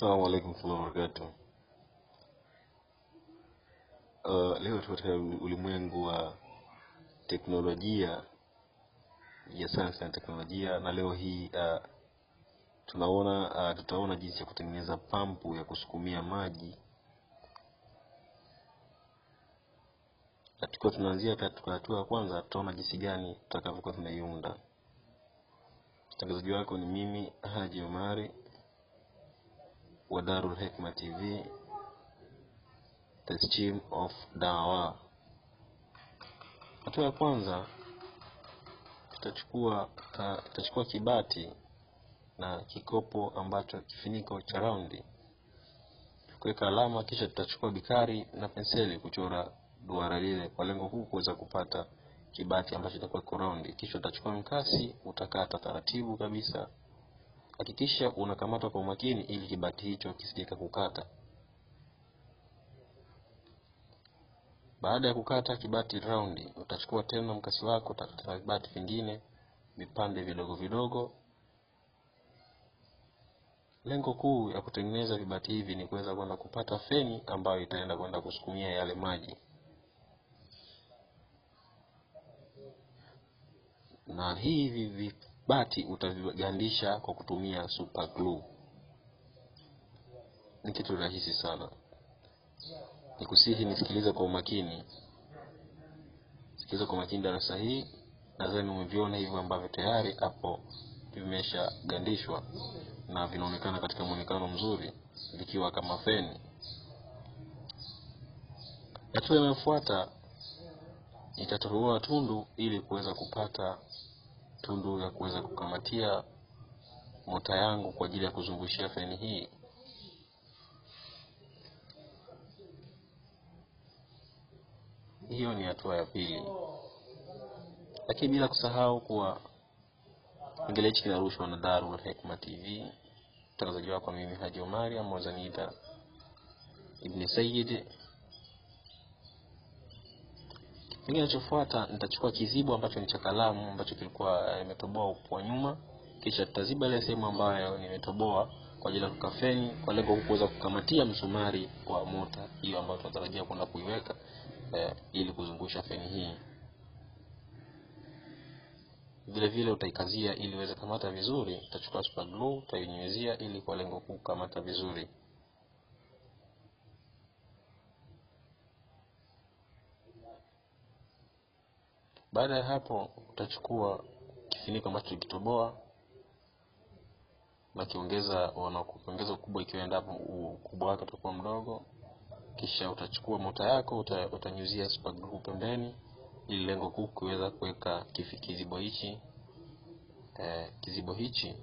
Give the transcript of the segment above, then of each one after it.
Assalamu alaikum warahmatullahi wabarakatuh. Uh, leo tuko katika ulimwengu wa teknolojia ya sayansi na teknolojia, na leo hii uh, tunaona uh, tutaona jinsi ya kutengeneza pampu ya kusukumia maji, na tukiwa tunaanzia katika hatua ya kwanza, tutaona jinsi gani tutakavyokuwa tunaiunda. Mtangazaji wako ni mimi Haji Omari wa Darul Hikma TV stream of Dawa. Hatua ya kwanza tutachukua ta, tutachukua kibati na kikopo ambacho kifiniko cha raundi kuweka alama, kisha tutachukua bikari na penseli kuchora duara lile kwa lengo kuu kuweza kupata kibati ambacho kitakuwa raundi. Kisha utachukua mkasi, utakata taratibu kabisa hakikisha unakamata kwa umakini ili kibati hicho kisije kukata. Baada ya kukata kibati raundi, utachukua tena mkasi wako utakata vibati vingine vipande vidogo vidogo. Lengo kuu ya kutengeneza vibati hivi ni kuweza kwenda kupata feni ambayo itaenda kwenda kusukumia yale maji, na hivi bati utavigandisha kwa kutumia super glue. Ni kitu rahisi sana. Nikusihi nisikilize kwa umakini, sikiliza kwa makini darasa hii. Nadhani umeviona hivyo ambavyo tayari hapo vimeshagandishwa na vinaonekana katika mwonekano mzuri vikiwa kama feni. Hatua inayofuata nitatoboa tundu ili kuweza kupata tundu ya kuweza kukamatia mota yangu kwa ajili ya kuzungushia feni hii hiyo ni hatua ya pili lakini bila kusahau kuwa kipengele hichi kinarushwa na Darul Hikma TV mtangazaji wako mimi Haji Omari ama wazaniita Ibn Sayyid Ninachofuata nitachukua kizibo ambacho ni cha kalamu ambacho kilikuwa eh, imetoboa kwa nyuma, kisha tutaziba ile sehemu ambayo nimetoboa kwa ajili ya kukafeni kwa lengo kuweza kukamatia msumari wa mota hiyo ambayo tunatarajia kwenda kuiweka eh, ili kuzungusha feni hii. Vile vile utaikazia ili uweze kamata vizuri. Utachukua super glue utainyunyizia ili kwa lengo kukamata vizuri. Baada ya hapo, utachukua kifuniko ambacho tulikitoboa na kiongeza kuongeza ukubwa ikiwa endapo ukubwa wake utakuwa mdogo. Kisha utachukua mota yako uta, utanyuzia super glue pembeni, ili lengo kuu kuweza kuweka kizibo hichi eh, kizibo hichi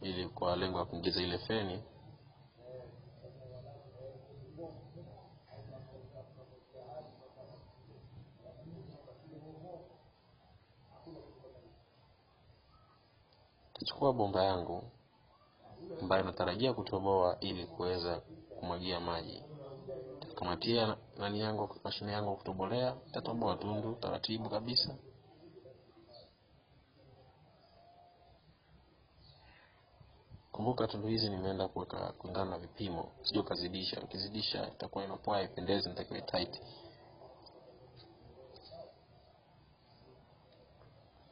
ili kwa lengo ya kuingiza ile feni Nikichukua bomba yangu ambayo natarajia kutoboa ili kuweza kumwagia maji, kamatia nani yangu mashine yangu kutobolea, tatoboa tundu taratibu kabisa. Kumbuka tundu hizi nimeenda kuweka kulingana na vipimo, sio kazidisha. Ukizidisha itakuwa inapoa, ipendezi nitakiwe tight.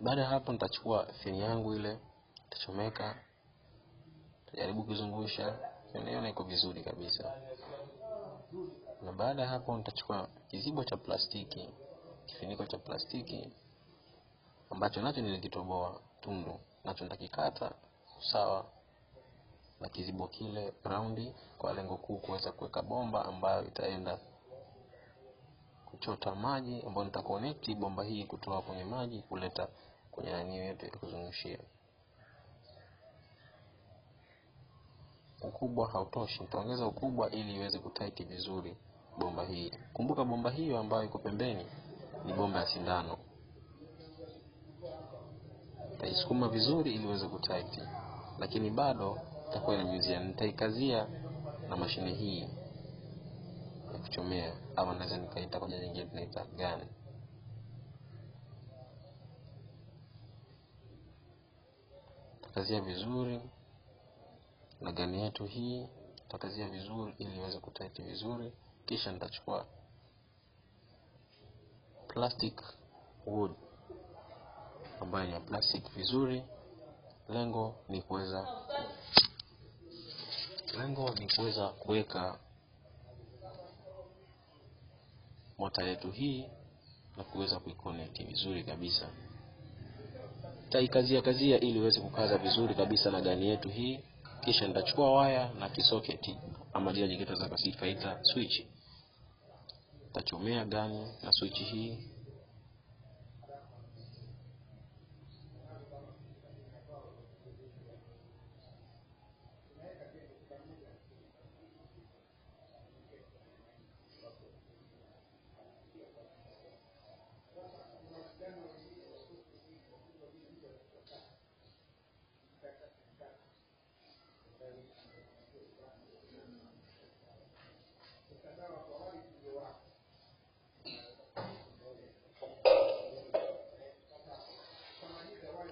Baada ya hapo, nitachukua feni yangu ile tachomeka tajaribu kuzungusha naiona iko vizuri kabisa na baada ya hapo nitachukua kizibo cha plastiki kifuniko cha plastiki ambacho nacho nilikitoboa tundu nacho nitakikata sawa na kizibo kile raundi kwa lengo kuu kuweza kuweka bomba ambayo itaenda kuchota maji ambayo nitakonekti bomba hii kutoa kwenye maji kuleta kwenye nanio yetu ya kuzungushia ukubwa hautoshi nitaongeza ukubwa ili iweze kutaiti vizuri bomba hii kumbuka bomba hiyo ambayo iko pembeni ni bomba ya sindano taisukuma vizuri ili iweze kutaiti lakini bado itakuwa inanyunyizia nitaikazia na mashine hii ya kuchomea ama naweza nikaita kwa jina nyingine tunaita gani kazia vizuri na gani yetu hii takazia vizuri ili iweze kutaiti vizuri kisha nitachukua plastic wood ambayo ni ya plastic vizuri lengo ni kuweza lengo ni kuweza kuweka mota yetu hii na kuweza kuiconnect vizuri kabisa taikazia kazia ili iweze kukaza vizuri kabisa na gani yetu hii kisha nitachukua waya na kisoketi ama lile jingine tunaweza kusifaita switch, tachomea gani na switch hii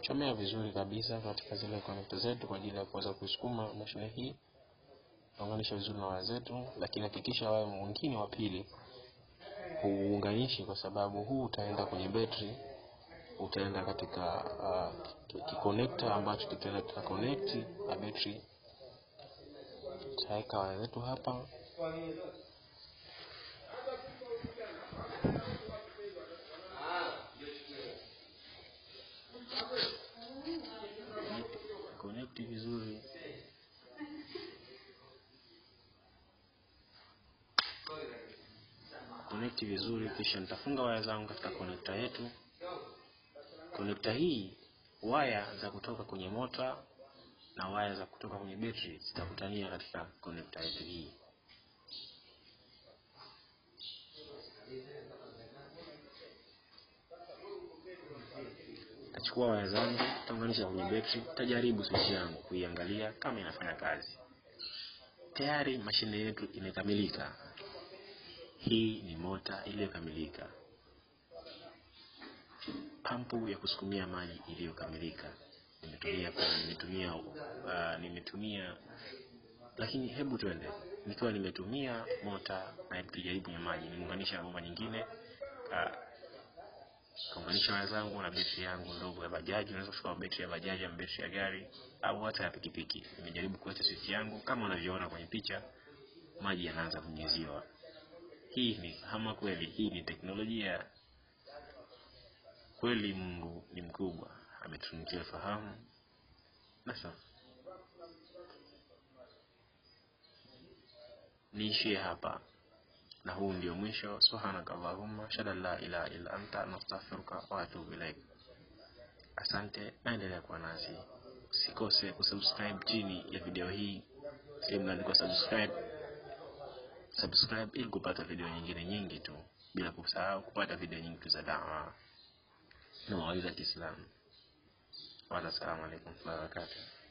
kuchomea vizuri kabisa katika zile connector zetu kwa ajili ya kuweza kusukuma mashine hii unganisha vizuri na waya zetu, lakini hakikisha waya mwingine wa pili huunganishi, kwa sababu huu utaenda kwenye betri, utaenda katika uh, kikonekta ambacho kitaenda tuta connect na betri. Tutaweka waya zetu hapa viti vizuri. Connect vizuri, kisha nitafunga waya zangu katika connector yetu. Connector hii waya za kutoka kwenye mota na waya za kutoka kwenye betri zitakutania katika connector yetu hii. Nitachukua waya zangu, nitaunganisha kwenye betri, tajaribu swichi yangu kuiangalia kama inafanya kazi. Tayari mashine yetu imekamilika. Hii ni mota iliyokamilika, pampu ya kusukumia maji iliyokamilika. Nimetumia nimetumia, uh, nimetumia lakini hebu twende, nikiwa nimetumia mota na tujaribu ya maji, nimeunganisha bomba nyingine uh, kuunganisha wenzangu na betri yangu ndogo ya bajaji. Unaweza kuchukua betri ya bajaji ama betri ya gari au hata ya pikipiki. Nimejaribu kuacha switch yangu kama unavyoona kwenye picha, maji yanaanza kunyeziwa Hii ni ama kweli, hii ni teknolojia kweli. Mungu ni mkubwa, ametunikia fahamu basa. Niishie hapa na huu ndio mwisho subhanaka allahumma shada la ilaha illa anta nastaghfiruka wa atubu ilaik asante naendelea kuwa nasi usikose kusubscribe chini ya video hii sehemu inaandikwa subscribe subscribe ili kupata video nyingine nyingi tu bila kusahau kupata video nyingi tu za dawa na mawaidha ya Kiislamu. Wa assalamu alaykum wa barakatuh.